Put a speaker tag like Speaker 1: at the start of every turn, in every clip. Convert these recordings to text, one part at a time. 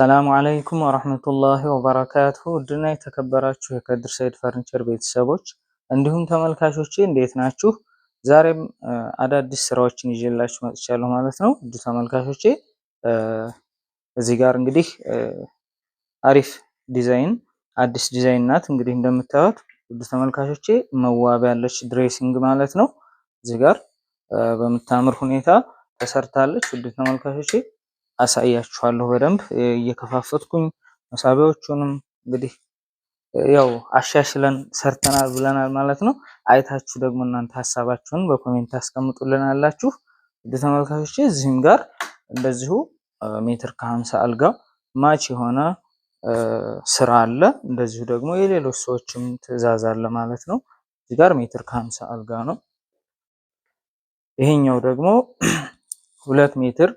Speaker 1: አሰላሙ አለይኩም ወረህመቱላሂ ወበረካቱሁ ውድና የተከበራችሁ የከድር ሰይድ ፈርኒቸር ቤተሰቦች እንዲሁም ተመልካቾች እንዴት ናችሁ? ዛሬም አዳዲስ ስራዎችን ይዤላችሁ መጥቻለሁ ማለት ነው። ውድ ተመልካቾቼ እዚህ ጋር እንግዲህ አሪፍ ዲዛይን አዲስ ዲዛይን ናት። እንግዲህ እንደምታዩት ውድ ተመልካቾቼ መዋቢያ ያለች ድሬሲንግ ማለት ነው። እዚህ ጋር በምታምር ሁኔታ ተሰርታለች። ውድ ተመልካቾቼ አሳያችኋለሁ በደንብ እየከፋፈትኩኝ መሳቢያዎቹንም እንግዲህ ያው አሻሽለን ሰርተናል ብለናል ማለት ነው። አይታችሁ ደግሞ እናንተ ሀሳባችሁን በኮሜንት አስቀምጡልን አላችሁ ውድ እዚህም ጋር እንደዚሁ ሜትር ከሀምሳ አልጋ ማች የሆነ ስራ አለ። እንደዚሁ ደግሞ የሌሎች ሰዎችም ትዕዛዝ አለ ማለት ነው። እዚህ ጋር ሜትር ከሀምሳ አልጋ ነው። ይሄኛው ደግሞ ሁለት ሜትር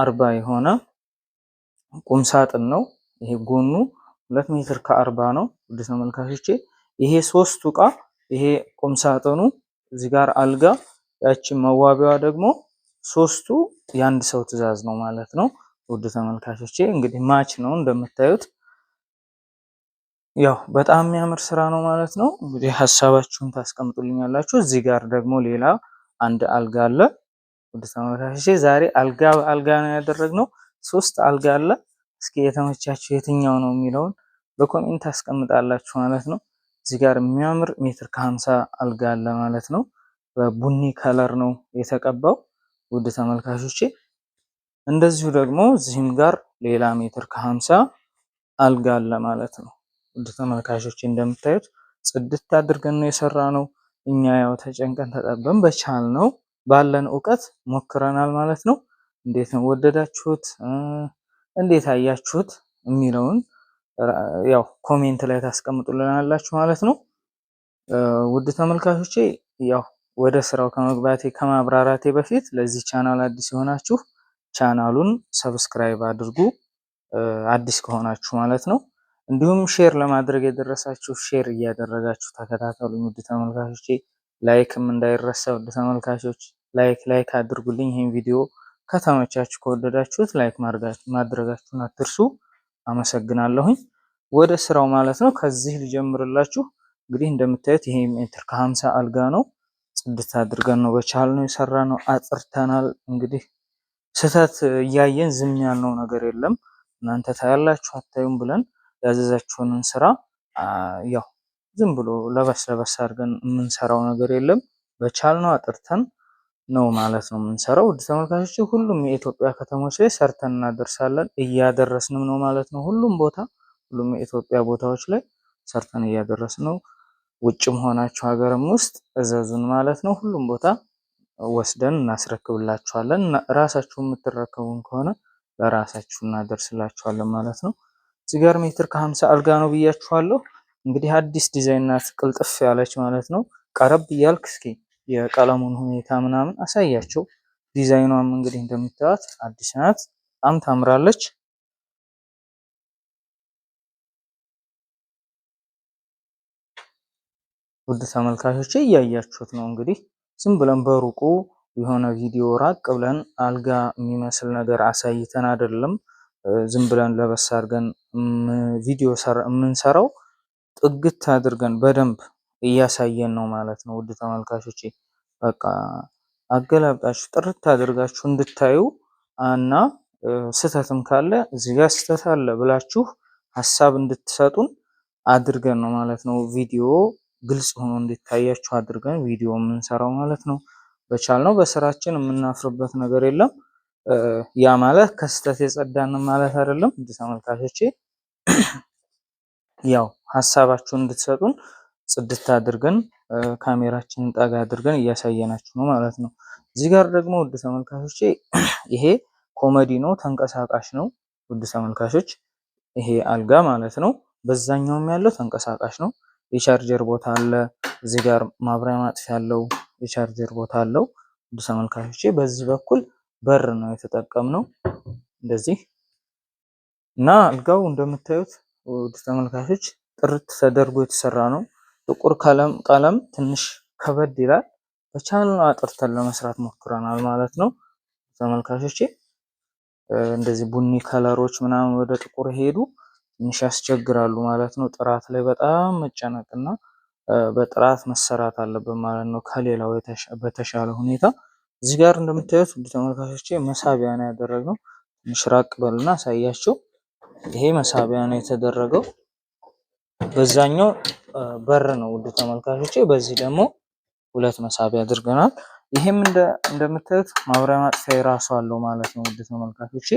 Speaker 1: አርባ የሆነ ቁም ሳጥን ነው። ይሄ ጎኑ ሁለት ሜትር ከአርባ ነው። ውድ ተመልካቾቼ ይሄ ሶስቱ እቃ ይሄ ቁም ሳጥኑ እዚህ ጋር አልጋ፣ ያችን መዋቢያዋ ደግሞ ሶስቱ የአንድ ሰው ትዕዛዝ ነው ማለት ነው። ውድ ተመልካቾቼ እንግዲህ ማች ነው እንደምታዩት ያው በጣም የሚያምር ስራ ነው ማለት ነው። እንግዲህ ሀሳባችሁን ታስቀምጡልኛላችሁ። እዚህ ጋር ደግሞ ሌላ አንድ አልጋ አለ። ውድ ተመልካቾቼ ዛሬ አልጋ አልጋ ነው ያደረግነው። ሶስት አልጋ አለ። እስኪ የተመቻችሁ የትኛው ነው የሚለውን በኮሜንት አስቀምጣላችሁ ማለት ነው። እዚህ ጋር የሚያምር ሜትር ከሀምሳ አልጋ አለ ማለት ነው። በቡኒ ከለር ነው የተቀባው ውድ ተመልካቾቼ። እንደዚሁ ደግሞ እዚህም ጋር ሌላ ሜትር ከሀምሳ አልጋ አለ ማለት ነው ውድ ተመልካቾቼ። እንደምታዩት ጽድት አድርገን ነው የሰራ ነው እኛ ያው ተጨንቀን ተጠበን በቻል ነው ባለን እውቀት ሞክረናል ማለት ነው። እንዴት ነው ወደዳችሁት? እንዴት አያችሁት? የሚለውን ያው ኮሜንት ላይ ታስቀምጡልናላችሁ ማለት ነው። ውድ ተመልካቾቼ ያው ወደ ስራው ከመግባቴ ከማብራራቴ በፊት ለዚህ ቻናል አዲስ የሆናችሁ ቻናሉን ሰብስክራይብ አድርጉ፣ አዲስ ከሆናችሁ ማለት ነው። እንዲሁም ሼር ለማድረግ የደረሳችሁ ሼር እያደረጋችሁ ተከታተሉ ውድ ተመልካቾቼ። ላይክም እንዳይረሳ ውድ ተመልካቾች። ላይክ ላይክ አድርጉልኝ። ይህን ቪዲዮ ከተመቻችሁ ከወደዳችሁት ላይክ ማድረጋችሁን አትርሱ። አመሰግናለሁኝ። ወደ ስራው ማለት ነው። ከዚህ ልጀምርላችሁ። እንግዲህ እንደምታዩት ይሄ ሜትር ከሀምሳ አልጋ ነው። ጽድት አድርገን ነው በቻል ነው የሰራ ነው አጽርተናል። እንግዲህ ስህተት እያየን ዝም ያልነው ነገር የለም። እናንተ ታያላችሁ አታዩም ብለን ያዘዛችሁንን ስራ ያው ዝም ብሎ ለበስ ለበስ አድርገን የምንሰራው ነገር የለም። በቻል ነው አጥርተን ነው ማለት ነው የምንሰራው። ውድ ተመልካቾች ሁሉም የኢትዮጵያ ከተሞች ላይ ሰርተን እናደርሳለን እያደረስንም ነው ማለት ነው። ሁሉም ቦታ ሁሉም የኢትዮጵያ ቦታዎች ላይ ሰርተን እያደረስን ነው። ውጭም ሆናችሁ ሀገርም ውስጥ እዘዙን ማለት ነው። ሁሉም ቦታ ወስደን እናስረክብላችኋለን። ራሳችሁ የምትረከቡን ከሆነ ለራሳችሁ እናደርስላችኋለን ማለት ነው። እዚህ ጋር ሜትር ከሀምሳ አልጋ ነው ብያችኋለሁ። እንግዲህ አዲስ ዲዛይን ናት፣ ቅልጥፍ ያለች ማለት ነው። ቀረብ እያልክ እስኪ የቀለሙን ሁኔታ ምናምን አሳያቸው። ዲዛይኗም እንግዲህ እንደምታዩት አዲስ ናት፣ በጣም ታምራለች። ውድ ተመልካቾች እያያችሁት ነው እንግዲህ ዝም ብለን በሩቁ የሆነ ቪዲዮ ራቅ ብለን አልጋ የሚመስል ነገር አሳይተን አይደለም ዝም ብለን ለበስ አድርገን ቪዲዮ የምንሰራው ጥግት አድርገን በደንብ እያሳየን ነው ማለት ነው። ውድ ተመልካቾች በቃ አገላብጣችሁ ጥርት አድርጋችሁ እንድታዩ እና ስህተትም ካለ እዚህ ጋር ስህተት አለ ብላችሁ ሀሳብ እንድትሰጡን አድርገን ነው ማለት ነው። ቪዲዮ ግልጽ ሆኖ እንዲታያችሁ አድርገን ቪዲዮ የምንሰራው ማለት ነው። በቻልነው በስራችን የምናፍርበት ነገር የለም። ያ ማለት ከስህተት የጸዳን ማለት አይደለም። ተመልካቾቼ ያው ሀሳባችሁን እንድትሰጡን ጽድት አድርገን ካሜራችንን ጠጋ አድርገን እያሳየናችሁ ነው ማለት ነው። እዚህ ጋር ደግሞ ውድ ተመልካቾች ይሄ ኮመዲ ነው፣ ተንቀሳቃሽ ነው። ውድ ተመልካቾች ይሄ አልጋ ማለት ነው። በዛኛውም ያለው ተንቀሳቃሽ ነው። የቻርጀር ቦታ አለ። እዚህ ጋር ማብሪያ ማጥፊያ ያለው የቻርጀር ቦታ አለው። ውድ ተመልካቾች በዚህ በኩል በር ነው የተጠቀምነው እንደዚህ እና አልጋው እንደምታዩት ውድ ተመልካቾች ጥርት ተደርጎ የተሰራ ነው። ጥቁር ቀለም ትንሽ ከበድ ይላል። በቻልነው አጥርተን ለመስራት ሞክረናል ማለት ነው ተመልካቾች እንደዚህ ቡኒ ከለሮች ምናምን ወደ ጥቁር ሄዱ ትንሽ ያስቸግራሉ ማለት ነው። ጥራት ላይ በጣም መጨነቅና በጥራት መሰራት አለብን ማለት ነው ከሌላው በተሻለ ሁኔታ። እዚህ ጋር እንደምታዩት ውድ ተመልካቾች መሳቢያ ነው ያደረግነው። ትንሽ ራቅ በሉና አሳያቸው። ይሄ መሳቢያ ነው የተደረገው በዛኛው በር ነው ውድ ተመልካቾች በዚህ ደግሞ ሁለት መሳቢያ አድርገናል። ይሄም እንደምታዩት ማብሪያ ማጥፊያ የራሱ አለው ማለት ነው ውድ ተመልካቾች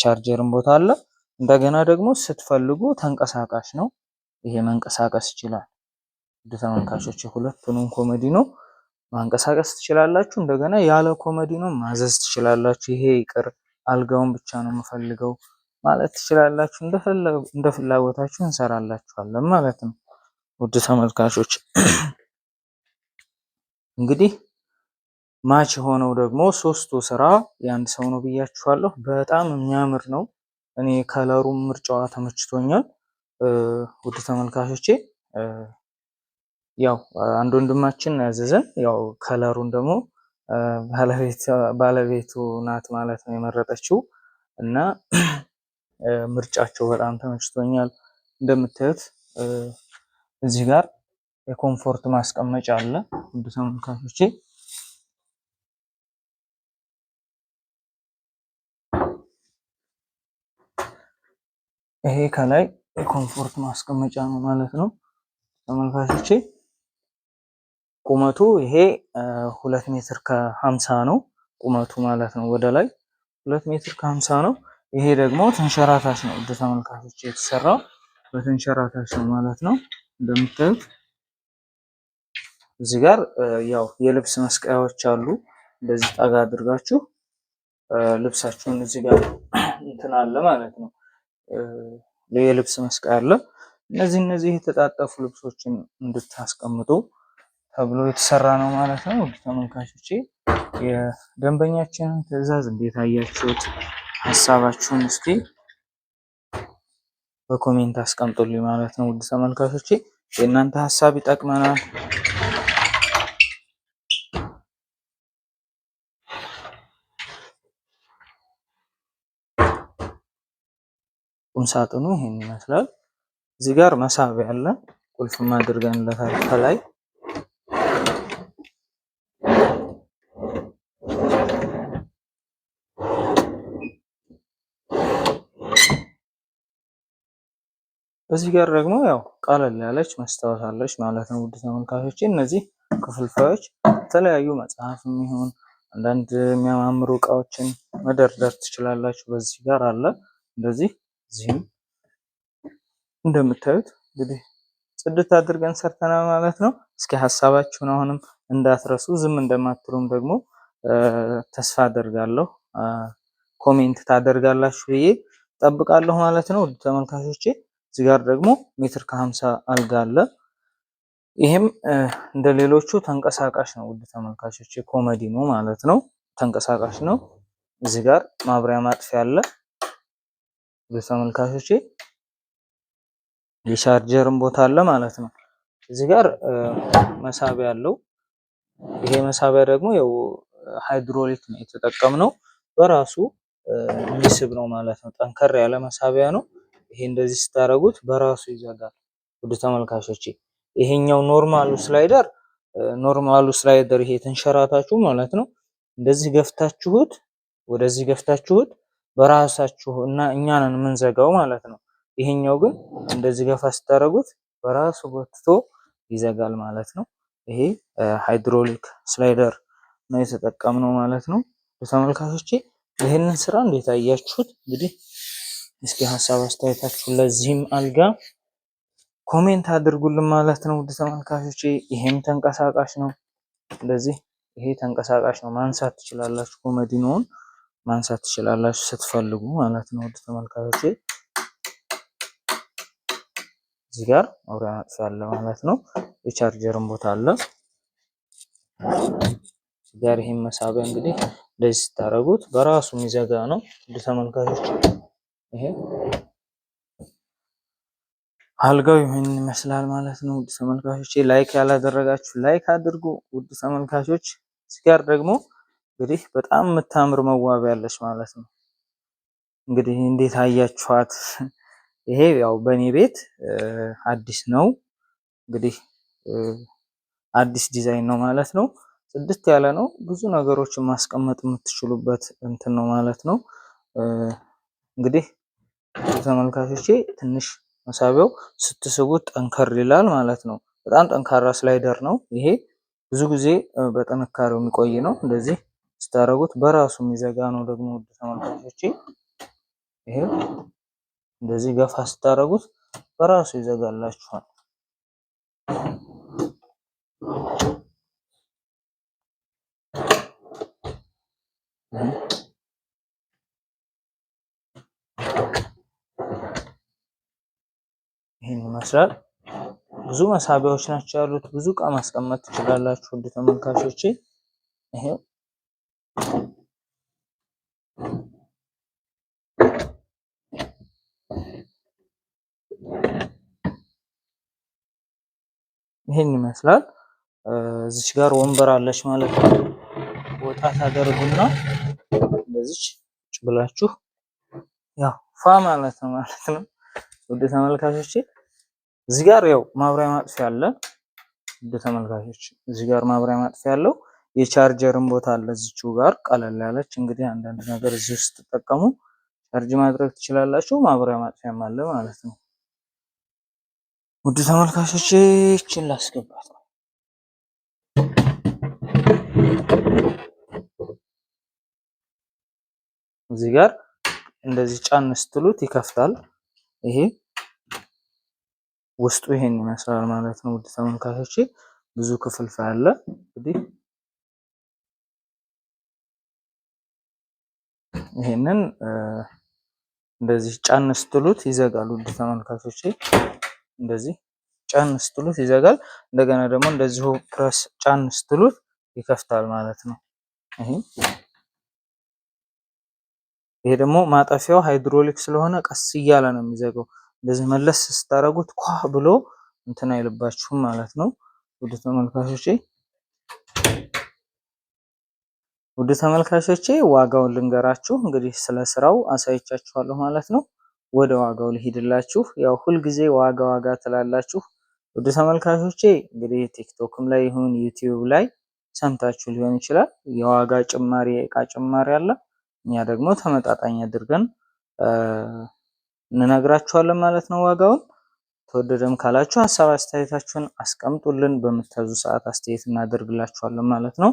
Speaker 1: ቻርጀርን ቦታ አለ። እንደገና ደግሞ ስትፈልጉ ተንቀሳቃሽ ነው ይሄ መንቀሳቀስ ይችላል። ውድ ተመልካቾች ሁለቱንም ነው ማንቀሳቀስ ትችላላችሁ። እንደገና ያለ ነው ማዘዝ ትችላላችሁ። ይሄ ይቅር አልጋውን ብቻ ነው የምፈልገው ማለት ትችላላችሁ። እንደ ፍላጎታችሁ እንሰራላችኋለን ማለት ነው። ውድ ተመልካቾች እንግዲህ ማች የሆነው ደግሞ ሶስቱ ስራ የአንድ ሰው ነው ብያችኋለሁ። በጣም የሚያምር ነው። እኔ ከለሩም ምርጫዋ ተመችቶኛል። ውድ ተመልካቾቼ ያው አንድ ወንድማችን ያዘዘን ያው ከለሩን ደግሞ ባለቤቱ ናት ማለት ነው የመረጠችው እና ምርጫቸው በጣም ተመችቶኛል እንደምታዩት እዚህ ጋር የኮምፎርት ማስቀመጫ አለ። ውድ ተመልካቾቼ ይሄ ከላይ የኮምፎርት ማስቀመጫ ነው ማለት ነው። ተመልካቾቼ ቁመቱ ይሄ ሁለት ሜትር ከሀምሳ ነው ቁመቱ ማለት ነው። ወደ ላይ ሁለት ሜትር ከሀምሳ ነው። ይሄ ደግሞ ተንሸራታች ነው። ውድ ተመልካቾቼ የተሰራው በተንሸራታች ነው ማለት ነው። እንደምታዩት እዚህ ጋር ያው የልብስ መስቀያዎች አሉ። እንደዚህ ጠጋ አድርጋችሁ ልብሳችሁን እዚህ ጋር እንትን አለ ማለት ነው። የልብስ መስቀያ አለ። እነዚህ እነዚህ የተጣጠፉ ልብሶችን እንድታስቀምጡ ተብሎ የተሰራ ነው ማለት ነው። ውድ ተመልካቾቼ የደንበኛችንን ትዕዛዝ እንዴት አያችሁት? ሀሳባችሁን እስኪ በኮሜንት አስቀምጡልኝ ማለት ነው። ውድ ተመልካቾቼ የእናንተ ሀሳብ ይጠቅመናል። ቁም ሳጥኑ ይህን ይመስላል። እዚህ ጋር መሳቢያ አለ፣ ቁልፍም አድርገንለታል ከላይ እዚህ ጋር ደግሞ ያው ቀለል ያለች መስታወት አለች ማለት ነው። ውድ ተመልካቾች እነዚህ ክፍልፋዮች የተለያዩ መጽሐፍ የሚሆን አንዳንድ የሚያማምሩ እቃዎችን መደርደር ትችላላችሁ። በዚህ ጋር አለ እንደዚህ። እዚህም እንደምታዩት እንግዲህ ጽድት አድርገን ሰርተናል ማለት ነው። እስኪ ሀሳባችሁን አሁንም እንዳትረሱ፣ ዝም እንደማትሉም ደግሞ ተስፋ አደርጋለሁ። ኮሜንት ታደርጋላችሁ ብዬ ጠብቃለሁ ማለት ነው ውድ ተመልካቾቼ እዚህ ጋር ደግሞ ሜትር ከ50 አልጋ አለ። ይሄም እንደ ሌሎቹ ተንቀሳቃሽ ነው። ውድ ተመልካቾች ኮሜዲ ነው ማለት ነው። ተንቀሳቃሽ ነው። እዚህ ጋር ማብሪያ ማጥፊያ አለ። ውድ ተመልካቾች የቻርጀርም ቦታ አለ ማለት ነው። እዚህ ጋር መሳቢያ አለው። ይሄ መሳቢያ ደግሞ ያው ሃይድሮሊክ ነው የተጠቀምነው። በራሱ የሚስብ ነው ማለት ነው። ጠንከር ያለ መሳቢያ ነው። ይሄ እንደዚህ ስታደርጉት በራሱ ይዘጋል። ውድ ተመልካቾች ይሄኛው ኖርማሉ ስላይደር ኖርማሉ ስላይደር ይሄ ተንሸራታችሁ ማለት ነው እንደዚህ ገፍታችሁት ወደዚህ ገፍታችሁት በራሳችሁ እና እኛንን የምንዘጋው ማለት ነው። ይሄኛው ግን እንደዚህ ገፋ ስታደርጉት በራሱ ጎትቶ ይዘጋል ማለት ነው። ይሄ ሃይድሮሊክ ስላይደር ነው የተጠቀምነው ማለት ነው። ተመልካቾች ይህንን ስራ እንዴት አያችሁት? እንግዲህ እስኪ ሀሳብ አስተያየታችሁ ለዚህም አልጋ ኮሜንት አድርጉልን ማለት ነው። ውድ ተመልካቾች ይሄም ተንቀሳቃሽ ነው። ስለዚህ ይሄ ተንቀሳቃሽ ነው፣ ማንሳት ትችላላችሁ። ኮመዲኖውን ማንሳት ትችላላችሁ ስትፈልጉ ማለት ነው። ውድ ተመልካቾች እዚህ ጋር አውሪያ ማጥፊያ አለ ማለት ነው። የቻርጀርን ቦታ አለ እዚህ ጋር። ይሄን መሳቢያ እንግዲህ እንደዚህ ስታደርጉት በራሱ የሚዘጋ ነው። ውድ ተመልካቾች ይሄ አልጋው ይህን ይመስላል ማለት ነው። ውድ ተመልካቾች ላይክ ያላደረጋችሁ ላይክ አድርጉ። ውድ ተመልካቾች ሲጋር ደግሞ እንግዲህ በጣም የምታምር መዋቢያ ያለች ማለት ነው። እንግዲህ እንዴት አያችኋት? ይሄ ያው በእኔ ቤት አዲስ ነው እንግዲህ አዲስ ዲዛይን ነው ማለት ነው። ጽድት ያለ ነው። ብዙ ነገሮችን ማስቀመጥ የምትችሉበት እንትን ነው ማለት ነው። እንግዲህ ተመልካቾቼ ትንሽ መሳቢያው ስትስቡት ጠንከር ይላል ማለት ነው። በጣም ጠንካራ ስላይደር ነው ይሄ። ብዙ ጊዜ በጥንካሬው የሚቆይ ነው። እንደዚህ ስታደርጉት በራሱ የሚዘጋ ነው። ደግሞ ውድ ተመልካቾቼ ይሄ እንደዚህ ገፋ ስታደርጉት በራሱ ይዘጋላችኋል። ይመስላል። ብዙ መሳቢያዎች ናቸው ያሉት። ብዙ እቃ ማስቀመጥ ትችላላችሁ ውድ ተመልካቾቼ። ይሄው ይሄን ይመስላል። እዚች ጋር ወንበር አለች ማለት ነው። ወጣ ታደርጉና እንደዚች ጭ ብላችሁ ያው ፋ ማለት ነው ማለት ነው ውድ ተመልካቾቼ እዚህ ጋር ያው ማብሪያ ማጥፊያ አለ። ውድ ተመልካቾች እዚህ ጋር ማብሪያ ማጥፊያ ያለው የቻርጀርን ቦታ አለ እዚችው ጋር ቀለል ያለች እንግዲህ አንዳንድ ነገር እዚህ ውስጥ ስትጠቀሙ ቻርጅ ማድረግ ትችላላችሁ። ማብሪያ ማጥፊያም አለ ማለት ነው። ውድ ተመልካቾች ይችን ላስገባት ነው። እዚህ ጋር እንደዚህ ጫን ስትሉት ይከፍታል ይሄ ውስጡ ይሄን ይመስላል ማለት ነው። ውድ ተመልካቾች ብዙ ክፍልፍ አለ እንግዲህ ይሄንን እንደዚህ ጫን ስትሉት ይዘጋል። ውድ ተመልካቾች እንደዚህ ጫን ስትሉት ይዘጋል። እንደገና ደግሞ እንደዚሁ ፕረስ ጫን ስትሉት ይከፍታል ማለት ነው። ይሄ ይሄ ደግሞ ማጠፊያው ሃይድሮሊክ ስለሆነ ቀስ እያለ ነው የሚዘጋው። እንደዚህ መለስ ስታረጉት ኳ ብሎ እንትን አይልባችሁም ማለት ነው። ውድ ተመልካቾቼ ውድ ተመልካቾቼ ዋጋውን ልንገራችሁ እንግዲህ ስለ ስራው አሳይቻችኋለሁ ማለት ነው። ወደ ዋጋው ልሂድላችሁ። ያው ሁልጊዜ ዋጋ ዋጋ ትላላችሁ ውድ ተመልካቾቼ እንግዲህ ቲክቶክም ላይ ይሁን ዩቲዩብ ላይ ሰምታችሁ ሊሆን ይችላል። የዋጋ ጭማሪ የእቃ ጭማሪ አለ። እኛ ደግሞ ተመጣጣኝ አድርገን እንነግራችኋለን ማለት ነው ዋጋውን። ተወደደም ካላችሁ ሀሳብ አስተያየታችሁን አስቀምጡልን። በምታዙ ሰዓት አስተያየት እናደርግላችኋለን ማለት ነው።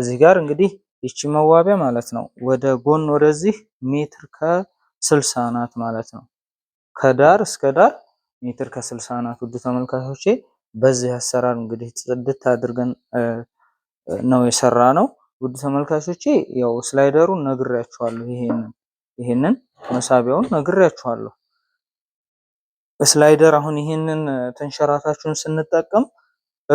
Speaker 1: እዚህ ጋር እንግዲህ ይቺ መዋቢያ ማለት ነው ወደ ጎን ወደዚህ ሜትር ከስልሳ ናት ማለት ነው። ከዳር እስከ ዳር ሜትር ከስልሳ ናት። ውድ ተመልካቾቼ በዚህ አሰራር እንግዲህ ጽድት አድርገን ነው የሰራ ነው። ውድ ተመልካቾቼ ያው ስላይደሩ ነግሬያችኋለሁ ይሄንን ይህንን መሳቢያውን ነግሬያችኋለሁ። ስላይደር አሁን ይህንን ተንሸራታችሁን ስንጠቀም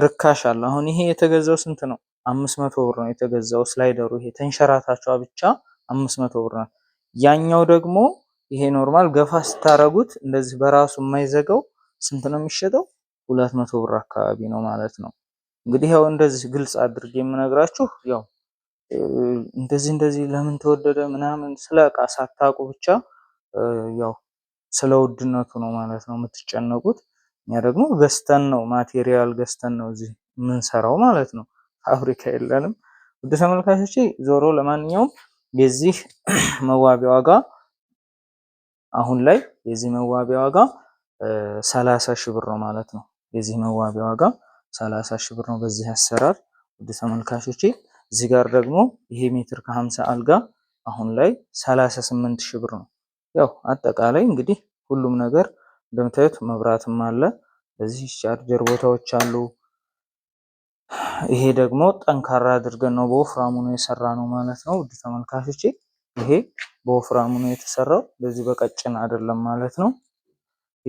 Speaker 1: ርካሽ አለ። አሁን ይሄ የተገዛው ስንት ነው? አምስት መቶ ብር ነው የተገዛው ስላይደሩ። ይሄ ተንሸራታችኋ ብቻ አምስት መቶ ብር ነው። ያኛው ደግሞ ይሄ ኖርማል ገፋ ስታረጉት እንደዚህ በራሱ የማይዘጋው ስንት ነው የሚሸጠው? ሁለት መቶ ብር አካባቢ ነው ማለት ነው። እንግዲህ ያው እንደዚህ ግልጽ አድርጌ የምነግራችሁ ያው እንደዚህ እንደዚህ ለምን ተወደደ ምናምን ስለ እቃ ሳታውቁ ብቻ ያው ስለ ውድነቱ ነው ማለት ነው የምትጨነቁት። እኛ ደግሞ ገዝተን ነው ማቴሪያል ገዝተን ነው እዚህ የምንሰራው ማለት ነው። ፋብሪካ የለንም። ውድ ተመልካቾች ዞሮ ለማንኛውም የዚህ መዋቢያ ዋጋ አሁን ላይ የዚህ መዋቢያ ዋጋ ሰላሳ ሺህ ብር ነው ማለት ነው። የዚህ መዋቢያ ዋጋ ሰላሳ ሺህ ብር ነው በዚህ አሰራር ውድ ተመልካቾቼ እዚህ ጋር ደግሞ ይሄ ሜትር ከ50 አልጋ አሁን ላይ 38 ሺህ ብር ነው። ያው አጠቃላይ እንግዲህ ሁሉም ነገር እንደምታዩት መብራትም አለ። በዚህ ቻርጀር ቦታዎች አሉ። ይሄ ደግሞ ጠንካራ አድርገን ነው በወፍራሙ ነው የሰራ ነው ማለት ነው። ውድ ተመልካቾቼ ይሄ በወፍራሙ ነው የተሰራው፣ በዚህ በቀጭን አይደለም ማለት ነው።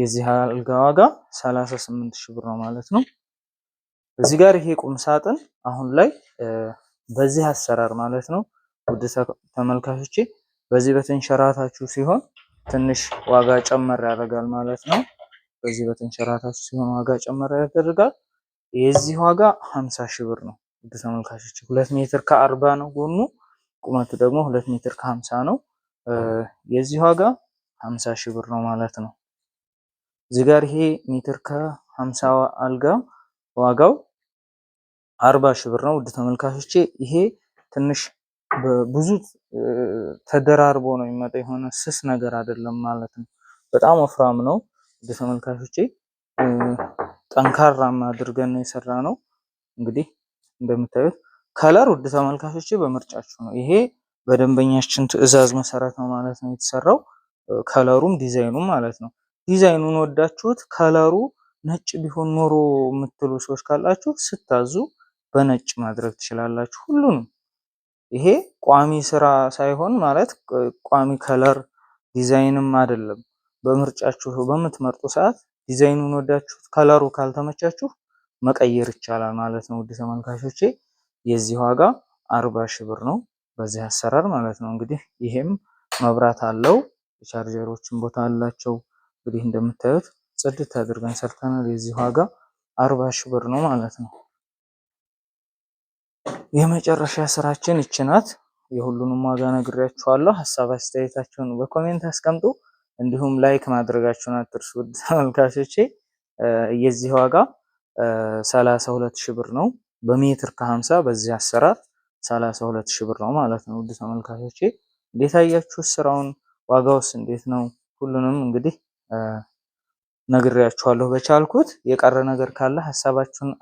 Speaker 1: የዚህ አልጋ ዋጋ 38 ሺህ ብር ነው ማለት ነው። እዚህ ጋር ይሄ ቁም ሳጥን አሁን ላይ በዚህ አሰራር ማለት ነው ውድ ተመልካቾች በዚህ በተንሸራታችሁ ሲሆን ትንሽ ዋጋ ጨመር ያደርጋል ማለት ነው። በዚህ በተንሸራታችሁ ሲሆን ዋጋ ጨመር ያደርጋል። የዚህ ዋጋ 50 ሺህ ብር ነው ውድ ተመልካቾች ሁለት ሜትር ከአርባ ነው ጎኑ፣ ቁመቱ ደግሞ ሁለት ሜትር ከ50 ነው። የዚህ ዋጋ 50 ሺህ ብር ነው ማለት ነው። እዚህ ጋር ይሄ ሜትር ከ50 አልጋ ዋጋው አርባ ሺህ ብር ነው። ውድ ተመልካቾቼ ይሄ ትንሽ ብዙ ተደራርቦ ነው የሚመጣ የሆነ ስስ ነገር አይደለም ማለት ነው። በጣም ወፍራም ነው። ውድ ተመልካቾቼ ጠንካራም አድርገን ነው የሰራ ነው። እንግዲህ እንደምታዩት ከለር ውድ ተመልካቾቼ በምርጫችሁ ነው። ይሄ በደንበኛችን ትዕዛዝ መሰረት ነው ማለት ነው የተሰራው። ከለሩም ዲዛይኑም ማለት ነው። ዲዛይኑን ወዳችሁት ከለሩ ነጭ ቢሆን ኖሮ የምትሉ ሰዎች ካላችሁ ስታዙ በነጭ ማድረግ ትችላላችሁ። ሁሉንም ይሄ ቋሚ ስራ ሳይሆን ማለት ቋሚ ከለር ዲዛይንም አይደለም። በምርጫችሁ በምትመርጡ ሰዓት ዲዛይኑን ወዳችሁት ከለሩ ካልተመቻችሁ መቀየር ይቻላል ማለት ነው። ውድ ተመልካቾቼ የዚህ ዋጋ አርባ ሺህ ብር ነው በዚህ አሰራር ማለት ነው። እንግዲህ ይሄም መብራት አለው የቻርጀሮችን ቦታ አላቸው። እንግዲህ እንደምታዩት ጽድት አድርገን ሰርተናል። የዚህ ዋጋ አርባ ሺህ ብር ነው ማለት ነው። የመጨረሻ ስራችን ይች ናት። የሁሉንም ዋጋ ነግሬያችኋለሁ። ሀሳብ አስተያየታችሁን በኮሜንት አስቀምጡ። እንዲሁም ላይክ ማድረጋችሁን አትርሱ። ውድ ተመልካቾቼ የዚህ ዋጋ 32 ሺህ ብር ነው። በሜትር ከ50 በዚህ አሰራር 32 ሺህ ብር ነው ማለት ነው። ውድ ተመልካቾቼ እንዴት አያችሁ ስራውን? ዋጋውስ እንዴት ነው? ሁሉንም እንግዲህ ነግሬያችኋለሁ በቻልኩት። የቀረ ነገር ካለ ሀሳባችሁን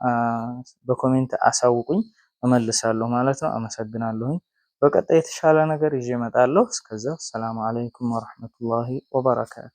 Speaker 1: በኮሜንት አሳውቁኝ። እመልሳለሁ ማለት ነው። አመሰግናለሁኝ። በቀጣይ የተሻለ ነገር ይዤ እመጣለሁ። እስከዛ ሰላም አለይኩም ወረህመቱላሂ ወበረካቱ።